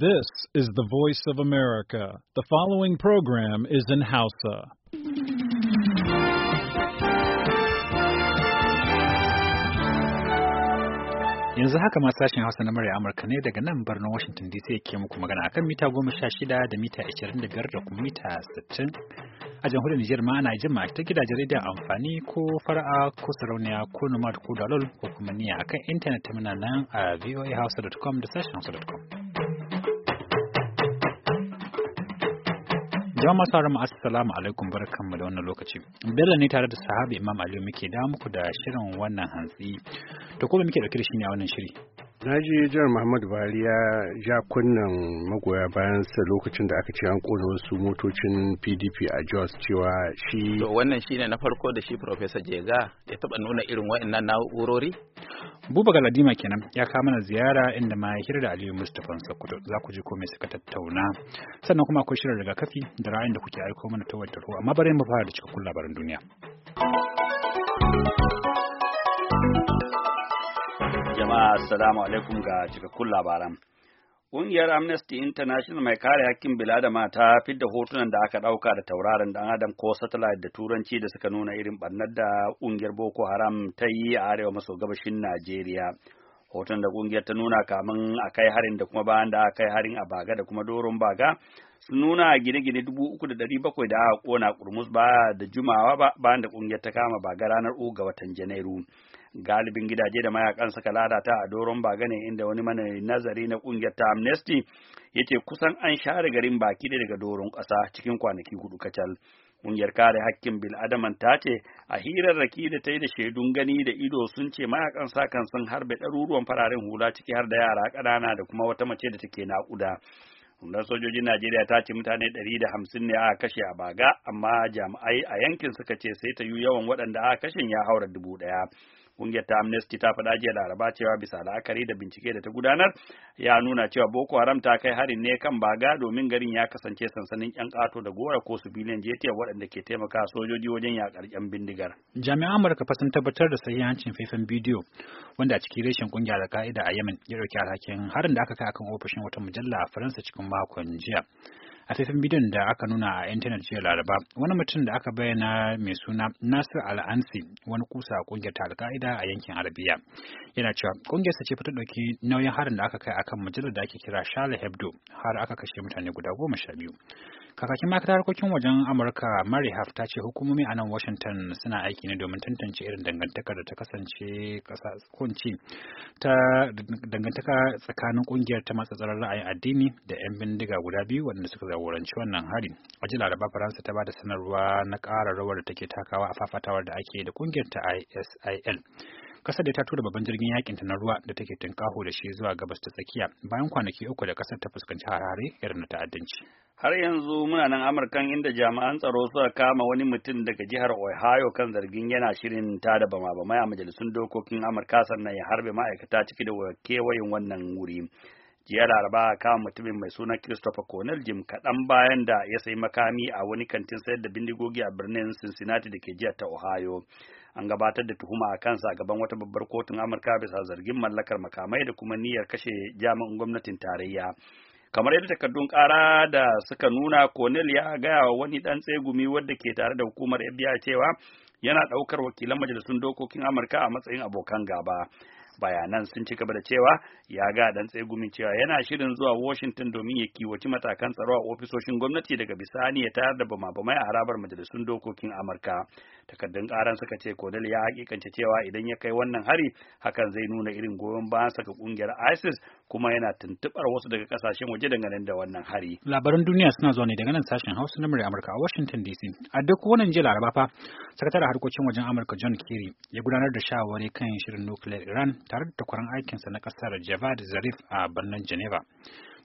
This is the voice of America. The following program is in Hausa. Yanzu haka ma sashen Hausa na murya Amurka ne daga nan birnin Washington DC ke muku magana akan mita goma sha da mita ashirin da biyar da kuma mita sittin. A jamhuriyar Nijar ma ana jima ta gidajen rediyon amfani ko fara'a ko sarauniya ko nomad ko dalol ko kuma niya akan intanet muna nan a voahausa.com da sashen hausa.com. Jama'a sauran assalamu alaikum barkanmu da wannan lokaci. Bello ne tare da sahabi Imam Aliyu muke da muku da shirin wannan hantsi. To ko muke dauke da shi ne a wannan shiri? na ji jihar muhammadu buhari ya ja kunnen magoya bayansa lokacin da aka ce an kona wasu motocin pdp a jos cewa shi to wannan shine na farko da shi professor jega ya taba nuna irin wa'annan na'urori buba galadima kenan ya kama na ziyara inda ma ya da aliyu mustapha sokoto za ku ji ko mai suka tattauna sannan kuma akwai shirin rigakafi da ra'ayin da kuke aiko mana ta wata ruwa amma bari mu fara da cikakkun labaran duniya jama'a assalamu alaikum ga cikakkun labaran Ƙungiyar Amnesty International mai kare hakkin biladama ta fidda hotunan da aka ɗauka da tauraron dan Adam ko satellite da turanci da suka nuna irin ɓarnar da ƙungiyar Boko Haram ta yi a arewa maso gabashin Najeriya. Hoton da ƙungiyar ta nuna kamun a kai harin da kuma bayan da aka kai harin a Baga da kuma Doron Baga sun nuna gine-gine dubu uku da ɗari bakwai da aka ƙona ƙurmus ba da jumawa ba bayan da ƙungiyar ta kama Baga ranar uku ga watan Janairu. galibin gidaje da mayakan suka lalata a doron bagane inda wani mana nazari na kungiyar ta amnesty yace kusan an share garin baki da daga doron ƙasa cikin kwanaki hudu kacal kungiyar kare hakkin bil'adaman ta ce a hirarraki da ta yi da shaidun gani da ido sun ce mayakan sa kan sun harbe ɗaruruwan fararen hula ciki har da yara ƙanana da kuma wata mace da take naƙuda rundunar sojojin najeriya ta ce mutane ɗari da hamsin ne aka kashe a baga amma jami'ai a yankin suka ce sai ta yi yawan waɗanda aka kashe ya haura dubu ɗaya kungiyar ta Amnesty ta faɗa jiya Laraba cewa bisa la'akari da bincike da ta gudanar ya nuna cewa Boko Haram ta kai harin ne kan baga domin garin ya kasance sansanin yan kato da gora ko su biliyan jetiya waɗanda ke taimaka sojoji wajen yakar yan bindigar. Jami'an Amurka fa sun tabbatar da sahihancin faifan bidiyo wanda a cikin reshen kungiyar da ka'ida a Yemen ya ɗauki alhakin harin da aka kai akan ofishin wata mujalla a Faransa cikin makon jiya. a faifin bidiyon da aka nuna a intanet jiya laraba wani mutum da aka bayyana mai suna nasir al'ansi wani kusa a kungiyar alka'ida a yankin arabiya yana cewa kungiyarsa ce fita ɗauki nauyin harin da aka kai akan mujallar da ake kira shala hebdo har aka kashe mutane guda goma sha biyu Kakakin ma'aikatar harkokin wajen Amurka Mary Huff ta ce hukumomi a nan Washington suna aiki ne domin tantance irin dangantaka da ta kasance kunci ta dangantaka tsakanin kungiyar ta tsarar ra'ayin addini da 'yan bindiga guda biyu waɗanda suka jagoranci wannan hari. A ji Laraba Faransa ta ba da sanarwa na ƙara rawar da take takawa a fafatawar da ake da kungiyar ta ISIL. Kasar da ta tura babban jirgin yakin ta na ruwa da take tinkaho da shi zuwa gabas ta tsakiya bayan kwanaki uku da kasar ta fuskanci harare irin na ta'addanci. Har yanzu muna nan Amurkan inda jami'an tsaro suka kama wani mutum daga jihar Ohio kan zargin yana shirin ta da bama bama a majalisun dokokin Amurka sannan ya harbe ma'aikata ciki da kewayen wannan wuri. jiya laraba kama mutumin mai suna christopher cornell jim kaɗan bayan da ya sayi makami a wani kantin sayar da bindigogi a birnin cincinnati da ke jiya ta ohio an gabatar da tuhuma a kansa a gaban wata babbar kotun amurka bisa zargin mallakar makamai da kuma niyyar kashe jami'an gwamnatin tarayya kamar yadda takardun ƙara da suka nuna Cornell ya gaya wa wani ɗan tsegumi wadda ke tare da hukumar FBI cewa yana ɗaukar wakilan majalisun dokokin Amurka a matsayin abokan gaba. bayanan sun ci gaba da cewa ya ga dan tsegumin cewa yana shirin zuwa washington domin ya kiwaci matakan tsaro a ofisoshin gwamnati daga bisani ya tayar da bama a harabar majalisun dokokin amurka takardun karan suka ce kodal ya hakikance cewa idan ya kai wannan hari hakan zai nuna irin goyon bayan saka kungiyar isis kuma yana tuntubar wasu daga kasashen waje dangane da wannan hari. Labaran duniya suna zuwa ne daga nan sashen Hausa na murya Amurka a Washington DC. A duk wannan jiya Laraba fa, sakataren harkokin wajen Amurka John Kerry ya gudanar da shawarwari kan shirin nukiliyar Iran tare da takwaran aikinsa na kasar Javad Zarif a birnin Geneva.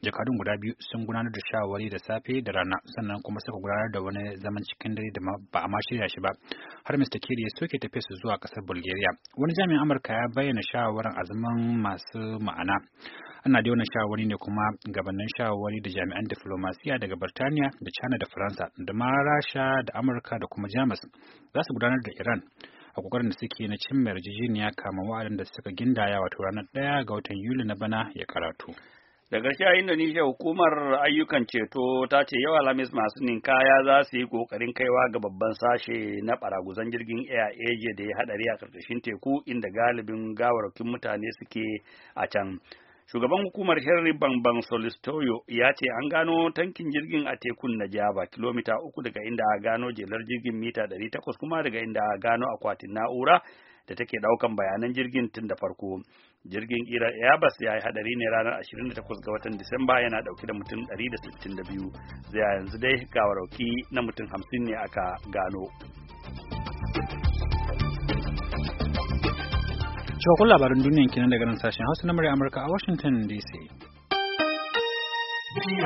jakadun guda biyu sun gudanar da shawari da safe da rana sannan kuma suka gudanar da wani zaman cikin dare da ba a ma shirya shi ba har Mr. kiri ya soke tafiya su zuwa kasar Bulgaria wani jami'in Amurka ya bayyana shawaran azaman masu ma'ana ana da wannan shawari ne kuma gabanin shawari da jami'an diflomasiya daga Birtaniya da China da Faransa da ma Rasha da Amurka da kuma Jamus za su gudanar da Iran a kokarin da suke na cimma yarjejeniya kama wa'adin da suka gindaya wato ranar ɗaya ga watan Yuli na bana ya karatu. Da gaske a Indonesia hukumar ayyukan ceto ta ce yawa lamis masu ninkaya za su yi kokarin kaiwa ga babban sashe na baraguzan jirgin Air Asia da ya hadari a karkashin teku inda galibin gawarkin mutane suke a can. Shugaban hukumar Henry Bambam Solistoyo ya ce an gano tankin jirgin a tekun na Java kilomita uku daga inda a gano jelar jirgin mita 800 kuma daga inda a gano akwatin na'ura da take daukan bayanan jirgin tun da farko. jirgin kira airbus ya yi hadari ne ranar 28 ga watan disamba yana dauke da mutum 162 zai yanzu dai gawarauki na mutum 50 ne aka gano cikakkun labarin duniyan kenan daga nan sashen hausa na murya amurka a washington dc thank you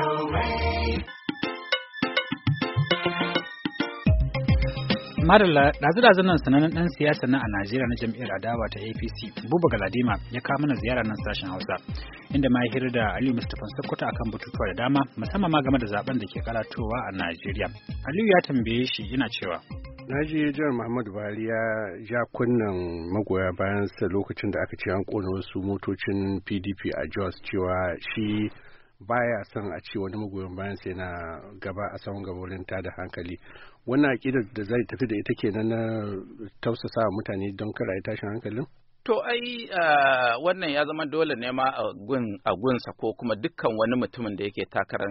Madalla dazu ɗazun nan sanannen ɗan siyasa na a Najeriya na jam'iyyar adawa ta APC Buba Galadima ya kawo mana ziyara nan sashen Hausa inda ma ya hirar da Aliyu Mustapha Sokoto akan batutuwa da dama musamman ma game da zaben da ke karatowa a Najeriya. Aliyu ya tambaye shi yana cewa na ji jihar muhammadu buhari ya ja kunnen magoya bayansa lokacin da aka ce an ƙona wasu motocin pdp a jos cewa shi baya son a ce wani magoyan bayansa yana gaba a tsawon gaba wurin da hankali wannan aƙidar da zai tafi da ita ke na tausasa mutane don karaye tashin hankalin To ai wannan ya zama dole nema ma a gunsa ko kuma dukkan wani mutumin da yake takarar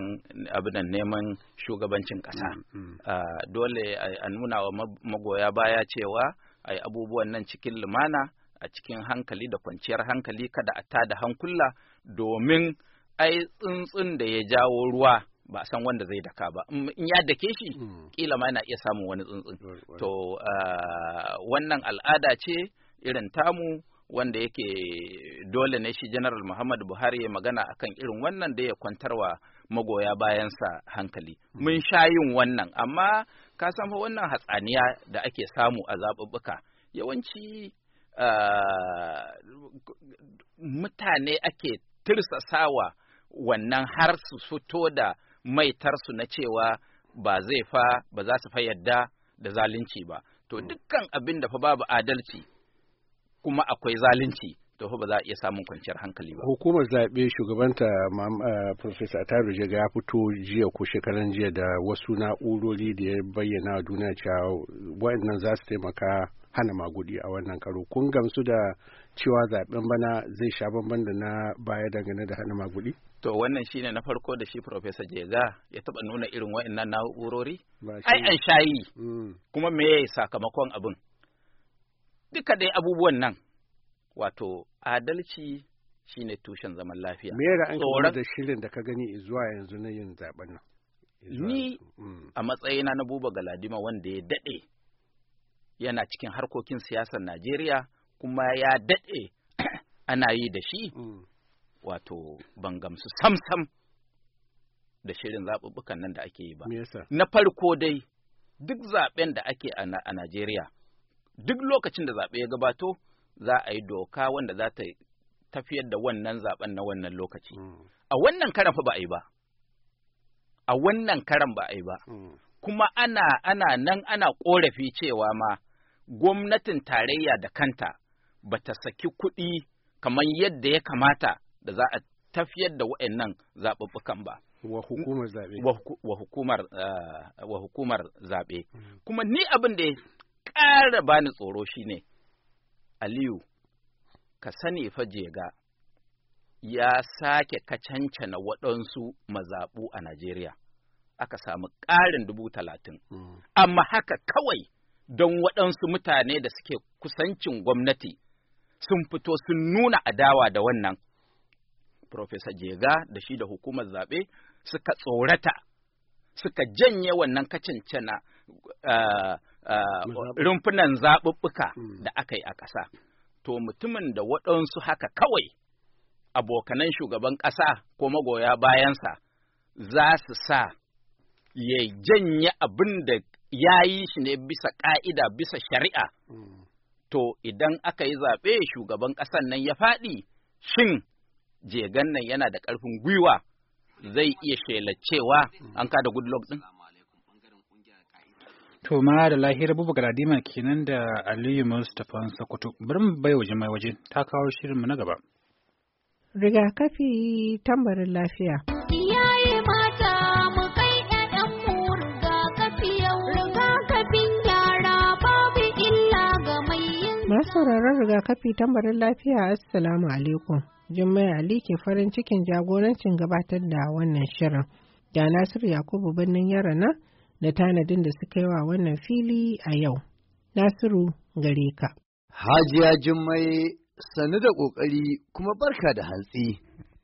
abinan neman shugabancin ƙasa. Mm, mm. dole a nuna wa magoya baya cewa a yi abubuwan nan cikin lumana a cikin hankali da kwanciyar hankali kada a tada hankula domin ai tsuntsun da ya jawo ruwa ba san wanda zai daka ba in ya dake shi hmm. kila ma yana iya samun wani tsuntsun to ah, wannan al'ada ce irin tamu wanda yake dole ne shi general muhammad buhari ya magana akan irin wannan da ya kwantarwa magoya bayansa hankali hmm. mun sha yin wannan amma ka san fa wannan hatsaniya da ake samu a zaɓuɓɓuka yawanci ah, mutane ake tirsasawa wannan har su fito da maitarsu na cewa ba zai fa ba za su fa yadda da zalunci ba to hmm. dukkan abin da fa babu adalci kuma akwai zalunci to fa ba za a iya samun kwanciyar hankali ba hukumar zaɓe shugabanta eh, professor Ataru Jega ya fito jiya ko shekaran jiya da wasu na'urori da ya bayyana duniya cewa waɗannan za su taimaka hana magudi a wannan karo kun gamsu da cewa zaɓen bana zai sha bamban da na baya dangane da hana magudi To wannan shine na farko da shi Professor Jega ya taba nuna irin wa'annan na'urori? Ai an shayi. Mm. Kuma me sakamakon abin? Duka dai abubuwan nan wato adalci shine tushen zaman lafiya. Me ya Tsoron da shirin da ka gani zuwa yanzu na yin zaben nan? Ni mm. a matsayina na Buba Galadima wanda ya daɗe yana cikin harkokin siyasar Najeriya kuma ya daɗe ana yi da shi. Mm. wato ban gamsu sam-sam da shirin zaɓuɓɓukan nan da ake yi ba. na farko dai duk zaɓen da ake a Najeriya, duk lokacin da zaɓe ya gabato za a yi doka wanda za ta tafiyar da wannan zaɓen na wannan lokaci. Mm. A wannan karan fa ba a yi ba. A wannan karan ba a yi ba. Mm. Kuma ana ana nan ana ƙorafi cewa ma gwamnatin tarayya da kanta ba ta saki kuɗi kamar yadda ya kamata da za a tafiyar da wa'annan zaɓuɓɓukan ba. Wa hukumar zaɓe. Wa hukumar, eh, wa hukumar zaɓe. Mm. Kuma ni abin da ya ƙara bani tsoro shi ne Aliyu ka sani fa jega ya sake na waɗansu mazaɓu a Najeriya. Aka samu ƙarin dubu talatin. Mm. Amma haka kawai don waɗansu mutane da suke kusancin gwamnati sun fito sun nuna adawa da wannan. Profesa Jega da shi da hukumar zaɓe suka tsorata suka janye wannan kacancana ah, ah, rumfunan zaɓuɓɓuka hmm. da aka yi a ƙasa. To mutumin da waɗansu haka kawai abokanan shugaban ƙasa ko magoya bayansa za su sa ya janye abin da ya yi shi ne bisa ƙa'ida bisa shari'a. Hmm. To idan aka yi zaɓe shugaban ƙasan nan ya faɗi, shin jegan nan yana da ƙarfin gwiwa zai iya shelacewa an kada goodluck din to ma da lahira bubu galadima kenan da aliyu mustapha sokoto bari mu bai waje mai waje ta kawo shirin mu na gaba rigakafi tambarin lafiya iyaye mata mu kai ƴaƴan mu rigakafi yau rigakafin yara babu illa ga mai yin masu sauraron rigakafi tambarin lafiya assalamu alaikum Jummai Ali ke farin cikin jagorancin gabatar da wannan shirin. Da Nasiru Yakubu birnin Yarana da tanadin da suka yi wa wannan fili a yau. Nasiru gare ka. Hajiya Jummai sannu da ƙoƙari kuma barka da hantsi.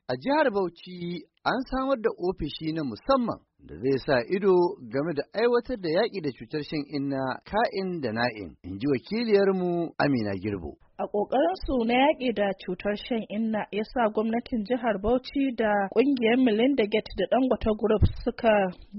A jihar Bauchi an samar da ofishi na musamman da zai sa ido game da aiwatar da yaƙi da cutar shan inna ka'in da na'in, in ji wakiliyarmu Amina Girbo. a kokarin su na yaƙi da cutar shan inna ya sa gwamnatin jihar Bauchi da ƙungiyar Melinda Gates da Dangote Group suka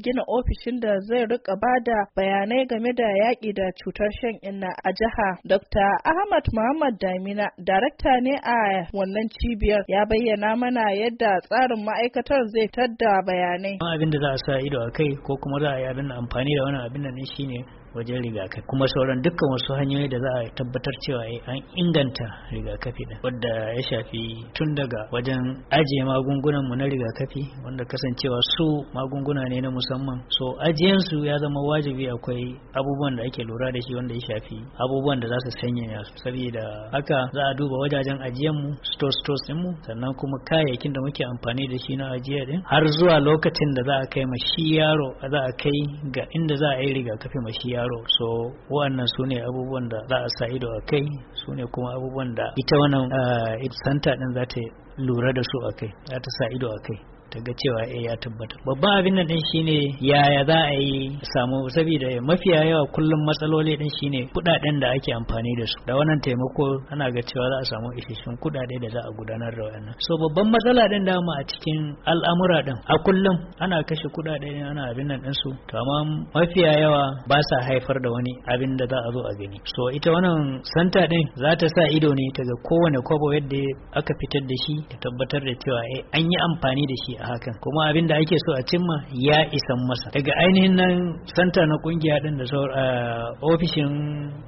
gina ofishin da zai rika bada bayanai game da yaƙi da cutar shan inna a jiha. Dr. Ahmad Muhammad Damina, darakta ne a wannan cibiyar, ya bayyana mana yadda tsarin ma'aikatar zai tadda bayanai. Abin da za a sa ido a kai ko kuma za a yi abin amfani da wannan abin nan shine wajen rigakafi kuma sauran dukkan wasu hanyoyi da za a tabbatar cewa eh, an inganta rigakafi da wadda ya shafi tun daga wajen ajiye magungunan mu na rigakafi wanda kasancewa su magunguna ne na musamman so ajiyan ya zama wajibi akwai abubuwan da ake lura da shi wanda ya shafi abubuwan da za su sanyaya su saboda haka za a duba wajajen ajiyan mu store stores din mu sannan kuma kayayyakin da muke amfani da shi na ajiya din har zuwa lokacin da za a kai ma shi yaro za a kai ga inda za a yi rigakafi ma shi yaro yaro so wannan su ne abubuwan da za a sa ido a kai su ne kuma abubuwan da ita wannan uh, santa din za ta lura da su a kai za ta sa ido a kai ta ga cewa eh ya tabbata babban abin nan din shine yaya za a yi samu saboda mafiya yawa kullum matsaloli din shine kudaden da ake amfani da su da wannan taimako ana ga cewa za a samu isasshen kudade da za a gudanar da wannan so babban matsala din da mu a cikin al'amura din a kullum ana kashe kudade ne ana abin nan din su to amma mafiya yawa ba sa haifar da wani abin da za a zo a gani so ita wannan santa din za ta sa ido ne ta ga kowane kwabo yadda aka fitar da shi ta tabbatar da cewa eh, an yi amfani da shi hakan kuma abin da ake so a cimma ya isan masa daga ainihin nan santa na kungiya din da ah, ofishin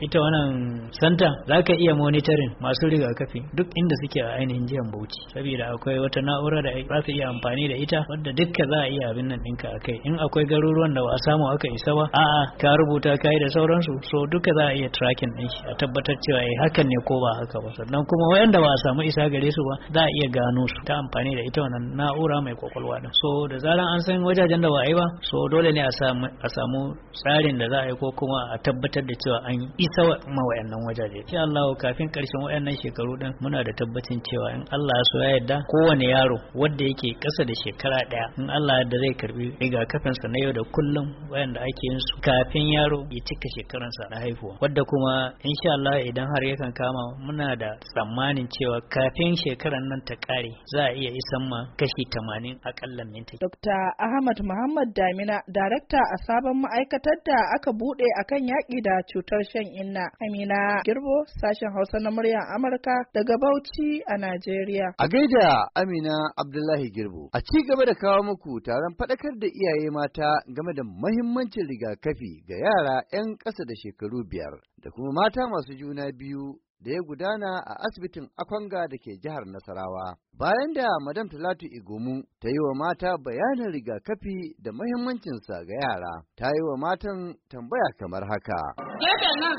ita wannan santa za ka iya monitorin masu rigakafi duk inda suke a ainihin jiyan bauchi saboda akwai wata na'ura da za su iya amfani da ita wadda dukka za a iya abin nan ɗinka a kai in akwai garuruwan da ba a samu aka isa ba a'a ka rubuta ka yi da sauransu so duka za a iya tracking ɗin shi a tabbatar cewa eh hakan ne ko ba haka ba sannan kuma wayanda ba a samu isa gare su ba za a iya gano su ta amfani da ita wannan na'ura mai kwakwalwa din so da zaran an san wajajen da ba a yi ba so dole ne a samu tsarin da za a yi ko kuma a tabbatar da cewa an isa ma wayannan wajaje insha Allah kafin karshen wayannan shekaru din muna da tabbacin cewa in Allah ya so ya yarda kowane yaro wanda yake kasa da shekara daya in Allah da zai karbi rigakafin sa na yau da kullum wayanda ake yin su kafin yaro ya cika sa na haihuwa wadda kuma insha Allah idan har yakan kama muna da tsammanin cewa kafin shekaran nan ta kare za a iya isan ma kashi tamanin. yin akalla minti. Dokta Ahmad Muhammad Damina, darakta a sabon ma'aikatar da aka buɗe akan yaƙi da cutar shan inna. Amina Girbo, sashen Hausa na muryar Amurka daga Bauchi a Najeriya. A gaida Amina Abdullahi Girbo, a ci gaba da kawo muku taron faɗakar da iyaye mata game da mahimmancin rigakafi ga yara 'yan ƙasa da shekaru biyar da kuma mata masu juna biyu da ya gudana a asibitin Akwanga da ke jihar Nasarawa. Bayan da Madam Talatu Igumu ta yi wa mata bayanin rigakafi da mahimmancinsa ga yara, ta yi wa matan tambaya kamar haka. Gefe nan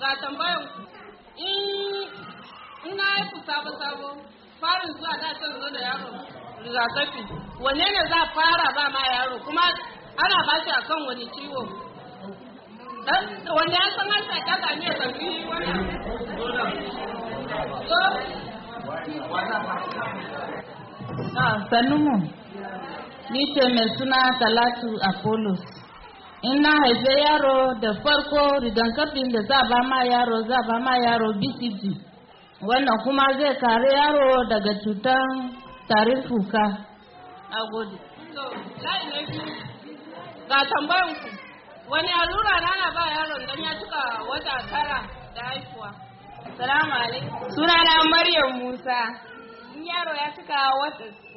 ga tambayan in na yi sabo-sabo farin zuwa da son zo da yaro rigakafi, wanne ne za fara ba ma yaro kuma ana ba shi akan wani ciwo. Eh, wanda ya san harshen ƙasa ne tafi wannan sannu mu ni ce mai suna talatu apollos Ina haife yaro da farko rigakafin da za ba ma yaro za ba ma yaro bcg wannan kuma zai kare yaro daga cutar tarin fuka a gode ga tambayan ku wani allura na ba yaron don ya cika wata tara da haihuwa salamu alaikum suna na maryam musa in yaro ya cika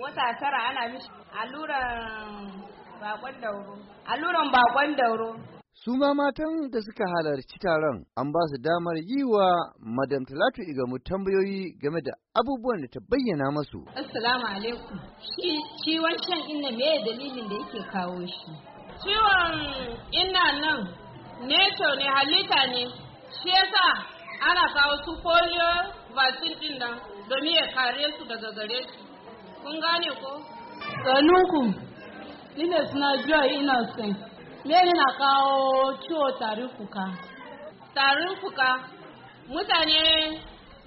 wata tara ana mishi alluran bakon dauro alluran bakon dauro su ma matan da suka halarci taron an ba su damar yi wa madam talatu igamu tambayoyi game da abubuwan da ta bayyana masu assalamu alaikum shi wancan inna me dalilin da yake kawo shi ciwon ina nan neto ne halitta ne shi yasa ana kawo su polio vaccine din nan domin ya kare su daga gare su kun gane ko ganunku ina suna joy innocent me ne na kawo ciwo tarin fuka tarin fuka mutane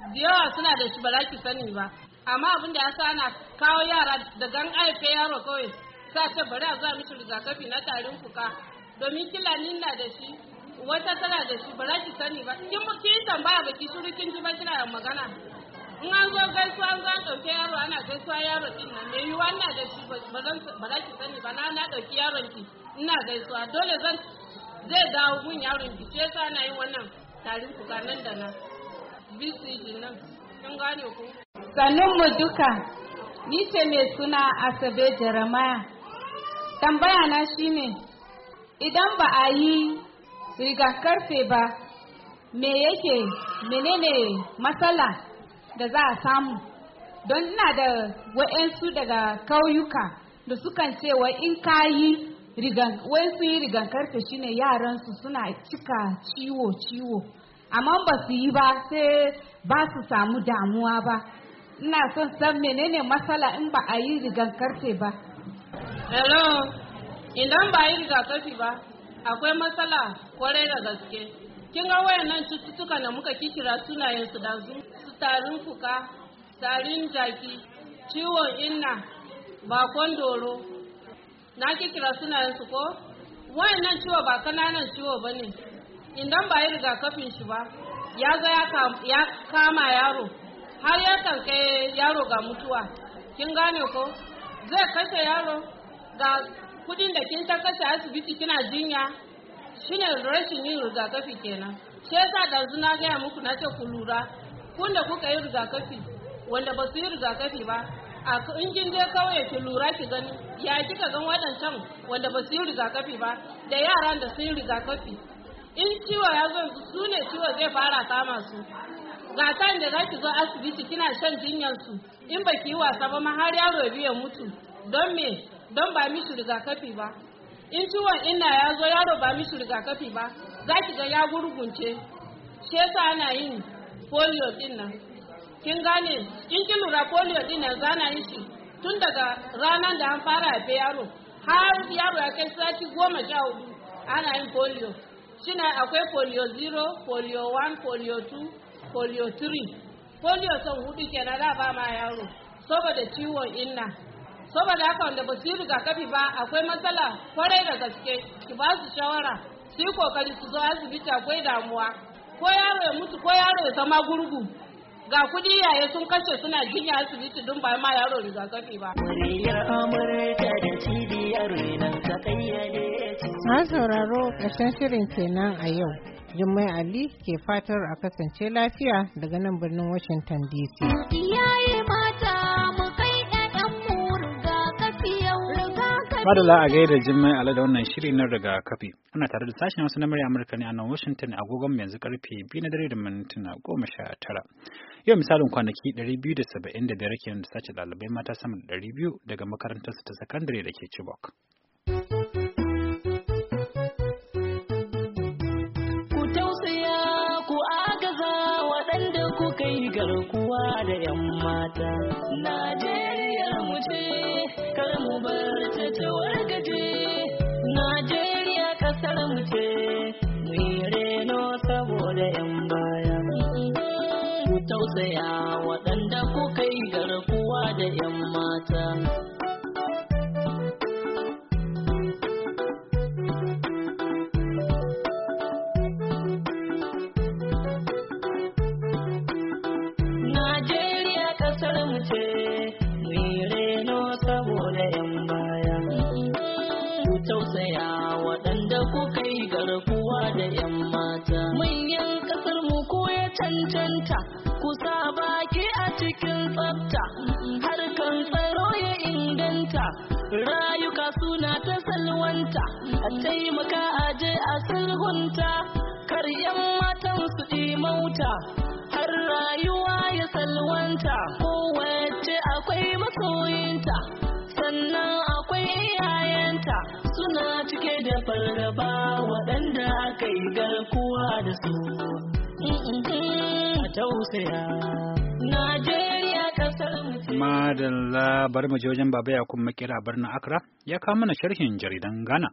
da yawa suna da shi ba za ki sani ba amma abin da ya sa ana kawo yara da gan aife yaro kawai za ta bari a za mishi rigakafi na tarin fuka domin kilanin na da shi wata tana da shi ba ki sani ba kin mu kin tambaya ba ki shiru kin ji ba kina yan magana in an zo gaisuwa an zan dauke yaro ana gaisuwa yaro din nan me yi ina da shi ba za ki sani ba na na dauki yaron ki ina gaisuwa dole zan zai dawo mun yaron ki ce sa na yi wannan tarin fuka nan da nan bcg nan kin gane ku sannan mu duka ni ce mai suna asabe jeremiah tambaya na shine idan ba a yi rigakarfe ba me yake menene matsala da za a samu don ina da wa'ensu daga kauyuka da sukan cewa in ka yi rigan yi rigakarfe shine yaransu suna cika ciwo ciwo amma ba su yi ba sai ba su samu damuwa ba ina son san menene matsala in ba a yi rigakarfe ba hello idan ba yi rigakafi ba akwai matsala kwarai da gaske kin ga wayannan cututtuka da muka kikira sunayen su da su tarin fuka tarin jaki ciwon inna bakon doro na kikira sunayen su ko wayannan ciwo ba kananan ciwo ba ne idan ba yi rigakafin shi ba ya ga ya kama yaro har ya kai yaro ga mutuwa kin gane ko zai kashe yaro ga kudin da kin ta kashe asibiti kina jinya shine rashin yin rigakafi kenan shi yasa da na gaya muku na ce ku lura kun da kuka yi rigakafi wanda ba su yi rigakafi ba a in kin je kauye ki lura ki gani ya kika gan waɗancan wanda ba su yi rigakafi ba da yaran da sun yi rigakafi in ciwo ya zo su ne ciwo zai fara kama su ga kan da zaki zo asibiti kina shan jinyar su in baki yi wasa ba ma har yaro biya mutu don me don ba mishi rigakafi ba in ciwon inna ya zo yaro ba mishi rigakafi ba za ki ga ya gurgunce shi yasa ana yin polio din nan kin gane in ki lura polio din nan na yi shi tun daga ranar da an fara haife yaro har yaro ya kai sati goma sha hudu ana yin polio na akwai polio zero, polio one, polio two, polio three, polio son hudu kenan da ba ma yaro saboda ciwon inna saboda haka wanda ba su yi rigakafi ba akwai matsala kwarai da gaske ki ba su shawara su yi kokari su zo asibiti akwai damuwa ko yaro ya mutu ko yaro ya zama gurgu ga kudi yaye sun kashe suna jinya asibiti don ba ma yaro rigakafi ba. Muryar Amurka da cibiyar Na sauraro ƙarshen shirin kenan a yau. Jummai Ali ke fatar a kasance lafiya daga nan birnin Washington DC. yi mata Madala a gaida Jummai ala da wannan shiri na rigakafi, Ana tare da sashen wasu na murya Amurka ne a nan Washington agogon yanzu karfe biyu na dare da mintuna goma sha tara. Yau misalin kwanaki ɗari biyu da saba'in da biyar kenan da sace ɗalibai mata sama da ɗari biyu daga su ta sakandare da ke Chibok. Ku tausaya ku agaza waɗanda kuka yi garkuwa da 'yan mata. Najeriya mu ce gobar ta ta wargaje Najeriya kasar mu ce mu yi reno saboda yan baya ku tausaya waɗanda kuka yi garkuwa da yan mata rayuka suna ta salwanta a taimaka a je a sulhunta karyan yan matan su mauta har rayuwa ya salwanta kowace akwai masoyinta sannan akwai iyayenta suna cike da fargaba waɗanda aka yi garkuwa da su a tausaya Najeriya madalla bar mu je wajen baba yakub makera birnin accra ya kawo mana sharhin jaridan ghana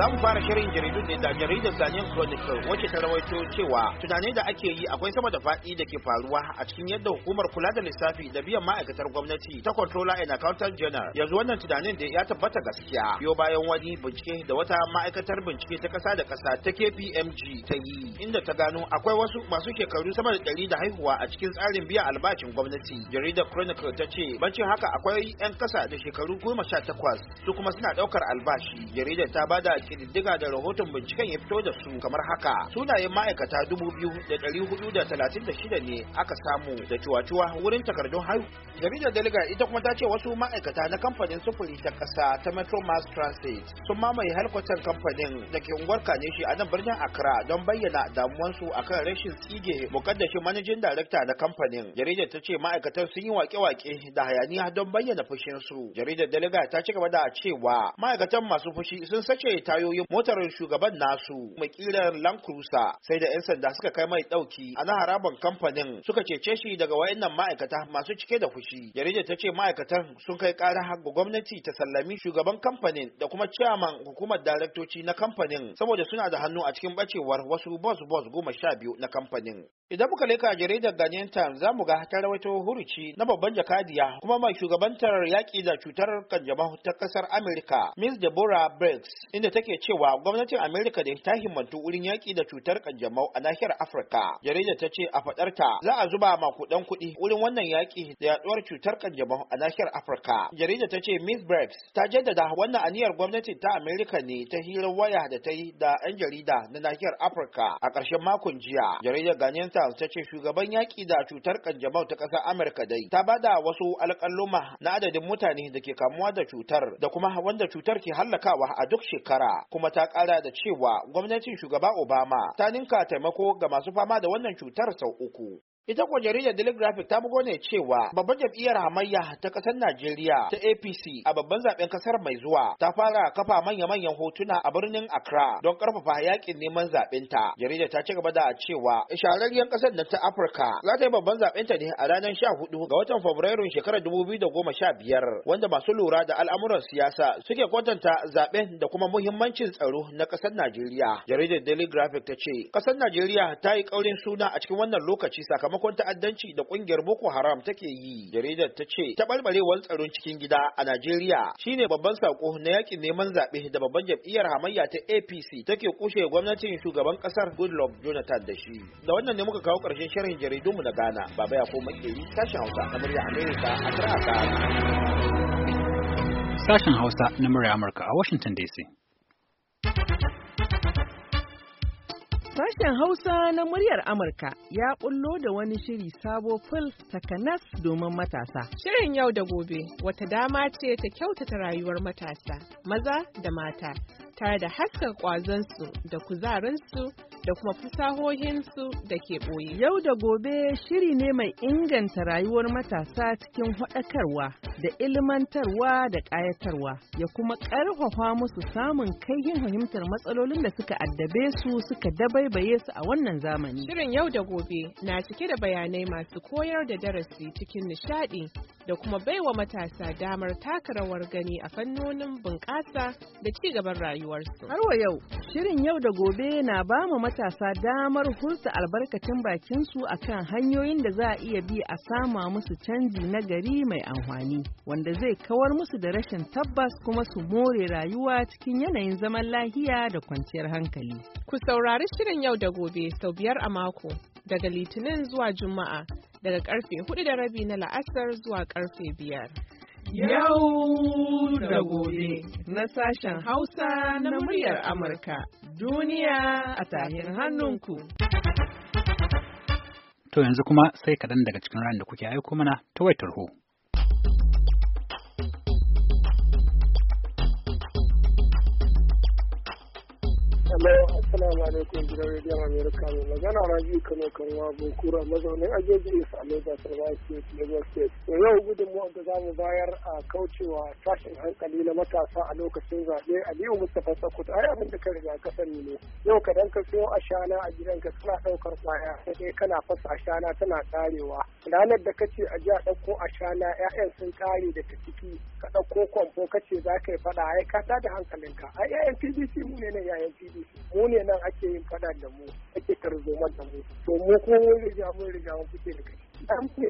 za mu fara shirin jaridu ne da jaridar Ghanaian Chronicle wacce ta rawaito cewa tunani da ake yi akwai sama da faɗi da ke faruwa a cikin yadda hukumar kula da lissafi da biyan ma'aikatar gwamnati ta Controller and Accountant General yanzu wannan tunanin da ya tabbata gaskiya biyo bayan wani bincike da wata ma'aikatar bincike ta kasa da kasa ta KPMG ta yi inda ta gano akwai wasu masu shekaru sama da ɗari da haihuwa a cikin tsarin biyan albashin gwamnati jaridar Chronicle ta ce bancin haka akwai 'yan kasa da shekaru goma sha takwas su kuma suna ɗaukar albashi jaridar ta bada kididdiga da rahoton binciken ya fito da su kamar haka sunayen ma'aikata dubu biyu da ɗari hudu da talatin da shida ne aka samu da cuwa-cuwa wurin takardun haihu jaridar daliga ita kuma ta ce wasu ma'aikata na kamfanin sufuri ta ƙasa ta metro mass transit sun mamaye halkwatan kamfanin da ke unguwar shi a nan birnin accra don bayyana damuwansu akan rashin tsige mukaddashin manajin darakta na kamfanin jaridar ta ce ma'aikatan sun yi wake-wake da hayaniya don bayyana fushinsu jaridar daliga ta ci gaba da cewa ma'aikatan masu fushi sun sace ta tayoyin motar shugaban nasu makilar Land Cruiser sai da 'yan sanda suka kai mai ɗauki a na haraban kamfanin suka cece shi daga wayannan ma'aikata masu cike da fushi. Jarida ta ce ma'aikatan sun kai ƙara ga gwamnati ta sallami shugaban kamfanin da kuma ciyaman hukumar daraktoci na kamfanin saboda suna da hannu a cikin bacewar wasu boss boss goma sha biyu na kamfanin. Idan muka leka jaridar Ghanaian Times za mu ga ta rawaito huruci na babban jakadiya kuma mai shugabantar yaki da cutar kanjamau ta kasar Amurka Miss Deborah Briggs inda take yake cewa gwamnatin Amerika da ta himmatu wurin yaki da cutar kanjamau a nahiyar Afirka. Jarida ta ce a faɗarta. za a zuba makudan kuɗi wurin wannan yaki da yaduwar cutar kanjamau a nahiyar Afirka. Jarida ta ce Miss Briggs ta jaddada wannan aniyar gwamnati ta Amerika ne ta hirar waya da ta yi da 'yan jarida na nahiyar Afirka a ƙarshen makon jiya. Jaridar Ghanaian Times ta ce shugaban yaki da cutar kanjamau ta ƙasar Amurka dai ta bada wasu alƙaluma na adadin mutane da ke kamuwa da cutar da kuma wanda cutar ke hallakawa a duk shekara. kuma ta kara da cewa gwamnatin shugaba Obama ta ninka taimako ga masu fama da wannan cutar sau uku. Ita kuwa jaridar Daily Graphic ta bugo ne cewa babban jam'iyyar hamayya ta ƙasar Najeriya ta APC a babban zaben ƙasar mai zuwa ta fara kafa manya-manyan hotuna a birnin Accra don karfafa yakin neman zaben ta. Jaridar ta ci gaba da cewa ishararriyar kasar nan ta Afirka za ta yi babban zaben ta ne a ranar hudu ga watan Fabrairun shekarar dubu biyu da goma sha biyar, wanda masu lura da al'amuran siyasa suke kwatanta zaben da kuma muhimmancin tsaro na ƙasar Najeriya. Jaridar Daily Graphic ta ce kasar Najeriya ta yi ƙaurin suna a cikin wannan lokaci sakamakon sakamakon ta'addanci da kungiyar Boko Haram take yi. Jaridar ta ce ta taɓarɓarewar tsaron cikin gida a Najeriya shine babban sako na yakin neman zaɓe da babban jam'iyyar hamayya ta APC take kushe gwamnatin shugaban ƙasar Goodluck Jonathan da shi. Da wannan ne muka kawo ƙarshen sharhin jaridunmu na Ghana. Baba ya ko makeri sashen Hausa na murya Amerika a Sashen Hausa na murya Amurka a Washington DC. Sashen Hausa na muryar Amurka ya ƙullo da wani shiri sabo fil takanas domin matasa. Shirin yau da gobe wata dama ce ta kyautata rayuwar matasa, maza da mata, tare da haskar ƙwazonsu da kuzarinsu da kuma fasahohinsu da ke ɓoye. Yau da gobe shiri ne mai inganta rayuwar matasa cikin haɗakarwa da ilmantarwa da ƙayatarwa ya kuma ƙarfafa musu samun kaihin fahimtar matsalolin da suka addabe su suka dabaibaye su a wannan zamani. Shirin yau da gobe na cike da bayanai masu koyar da darasi cikin nishaɗi da kuma baiwa matasa damar taka rawar gani a fannonin bunƙasa da ci gaban rayuwarsu. Har wa yau, shirin yau da gobe na ba mu matasa damar hulsa albarkacin bakinsu akan hanyoyin da za a iya bi a sama musu canji na gari mai amfani. wanda zai kawar musu da rashin tabbas kuma su more rayuwa cikin yanayin zaman lahiya da kwanciyar hankali. Ku saurari shirin yau da gobe sau biyar a mako daga Litinin zuwa Juma'a daga karfe hudu da rabi na la'asar zuwa karfe biyar. Yau da gobe na sashen Hausa na muryar Amurka duniya a tahin hannunku. To yanzu kuma sai kaɗan daga cikin ran da kuke aiko mana ta waitar tarho. Hello, assalamu alaikum gidan rediyon Amerika mai magana Rabiu Kano Kanwa Bokura mazaunin ajeji Isa Lagos River State Lagos State. To yau gudunmuwar da zamu bayar a kaucewa tashin hankali na matasa a lokacin zaɓe Aliyu Mustapha Sokoto ai abin da ka riga ka sani ne. Yau ka dan ka siyo ashana a gidanka suna ɗaukar kwaya sai kana fasa ashana tana ƙarewa. Ranar da kace a ji a ɗauko ashana 'ya'yan sun ƙare da ciki ka ɗauko kwamfo kace za ka yi faɗa ai ka da hankalinka. Ai 'ya'yan PDC mu ne ne 'ya'yan PDC. mu ne nan ake yin fada da mu ake tarzoma da mu to mu ko mun riga mu riga mu fice da kai an ce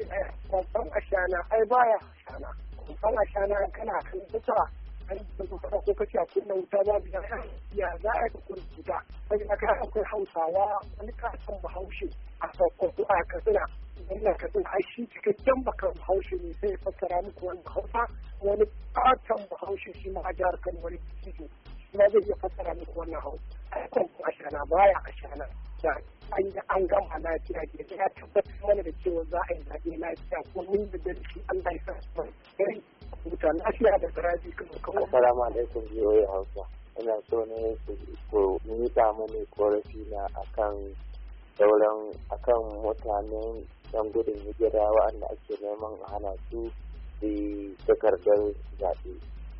kwamfan ashana ai baya ashana kwamfan ashana kana kan mutuwa an yi ko kace a kunna wuta ba da ya za a ka kun wuta sai na kai akwai hausawa wani kasan bahaushe a sakkwato a katsina wannan katsina ai shi cikakken bakan bahaushe ne sai ya fassara muku wani hausa wani katon bahaushe shi ma a jihar kano wani kijo ba zai iya fassara muku wannan hau ku an yi an gama lafiya ke ya tabbatar mana da cewa za a yi zaɓe lafiya ko mun da ya sa da so ne korafi na akan sauran akan mutanen ɗan gudun hijira ake neman a takardar zaɓe.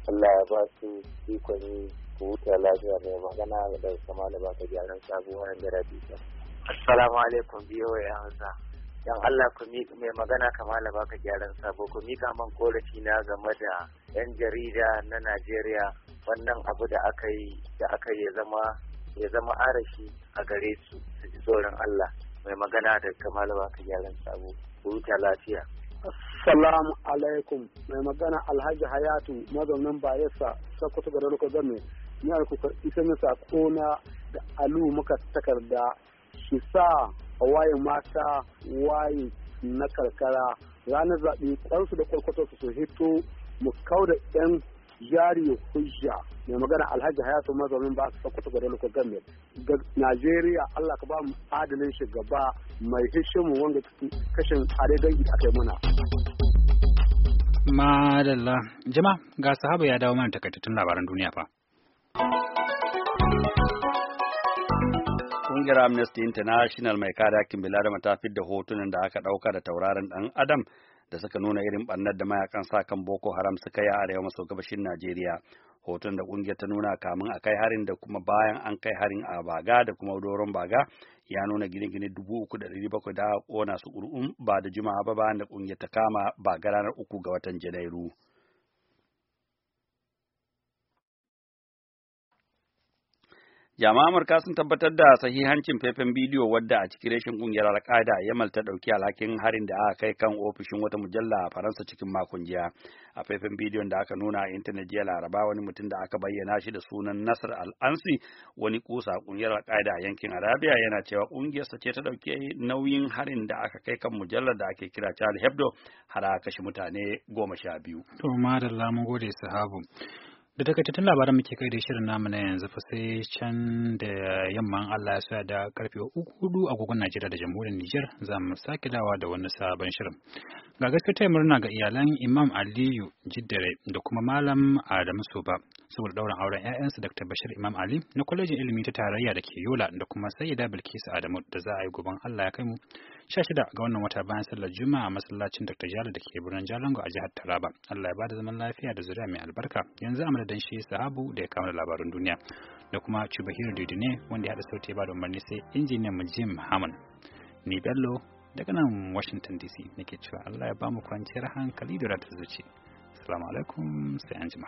Allah ya ba su ikon yi ku huta lafiya mai magana da sama da baka gyaran sabuwa da rabi assalamu alaikum biyo ya hausa Yan Allah ku mai magana kamala baka gyaran sabo ku mika man korafi na game da yan jarida na Najeriya wannan abu da aka yi da aka ya zama ya zama arashi a gare su su ji tsoron Allah mai magana da kamala baka gyaran sabo ku huta lafiya Assalamu alaikum mai magana Alhaji Hayatu mazaunin Bayelsa Sokoto garin Lokacin ni a isa na sako na da alu muka takarda shi sa waye mata waye na karkara ranar zaɓe kwansu da kwarkwatarsu su hito mu kawo da 'yan jari hujja mai magana alhaji hayatu mazaunin ba su sakkwato ga dalilin gamet ga najeriya allah ka ba mu adalin gaba mai hishimu wanda kashin are dangi da aka yi muna madalla ga sahaba ya dawo mana takaitattun labaran duniya fa Ƙungiyar Amnesty International mai kare hakkin bil'adama ta da hotunan da aka ɗauka da tauraron ɗan Adam da suka nuna irin ɓannar da mayakan sa kan Boko Haram suka yi a arewa maso gabashin Najeriya. hoton da kungiyar ta nuna kamun a kai harin da kuma bayan an kai harin a baga da kuma doron baga ya nuna gine-gine dubu uku da ɗari bakwai da kona su ƙur'um ba da juma'a ba bayan da kungiyar ta kama ba ga ranar uku ga watan janairu. Jama'a Amurka sun tabbatar da sahihancin faifan bidiyo wadda a cikin reshen kungiyar al ya Yamal ta dauki alhakin harin da aka kai kan ofishin wata mujalla a Faransa cikin makon jiya. A faifan bidiyon da aka nuna a intanet jiya Laraba wani mutum da aka bayyana shi da sunan Nasir Al-Ansi wani kusa kungiyar al a yankin Arabia yana cewa kungiyarsa ce ta dauki nauyin harin da aka kai kan mujallar da ake kira Charlie Hebdo har aka kashe mutane goma sha biyu. To madalla mun gode sahabu. Da takaitattun labaran muke kai da shirin namu na yanzu fa sai can da yamman Allah ya sa da karfe uku a agogon Najeriya da jamhuriyar niger za mu sake dawa da wani sabon shirin. Ga gaske ta murna ga iyalan Imam Aliyu Jiddare da kuma Malam Adamu ba saboda ɗaurin auren su Dr. Bashir Imam Ali na kwalejin ilimi ta tarayya da ke Yola da kuma Sayyida Bilkisu Adamu da za a yi goban Allah ya kai mu 16 ga wannan wata bayan sallar Juma'a masallacin Dr. Jalo da ke birnin Jalango a jihar Taraba. Allah ya bada zaman lafiya da zuriya mai albarka. Yanzu a madadin shi Sahabu da ya kama da labarin duniya da kuma Chubahiro ne wanda ya hada sauti ba da umarni sai injiniyan mu Jim haman Ni Bello daga nan washington dc nake cewa allah ya ba mu kwanciyar hankali da ratar zuci salamu alaikum sai anjima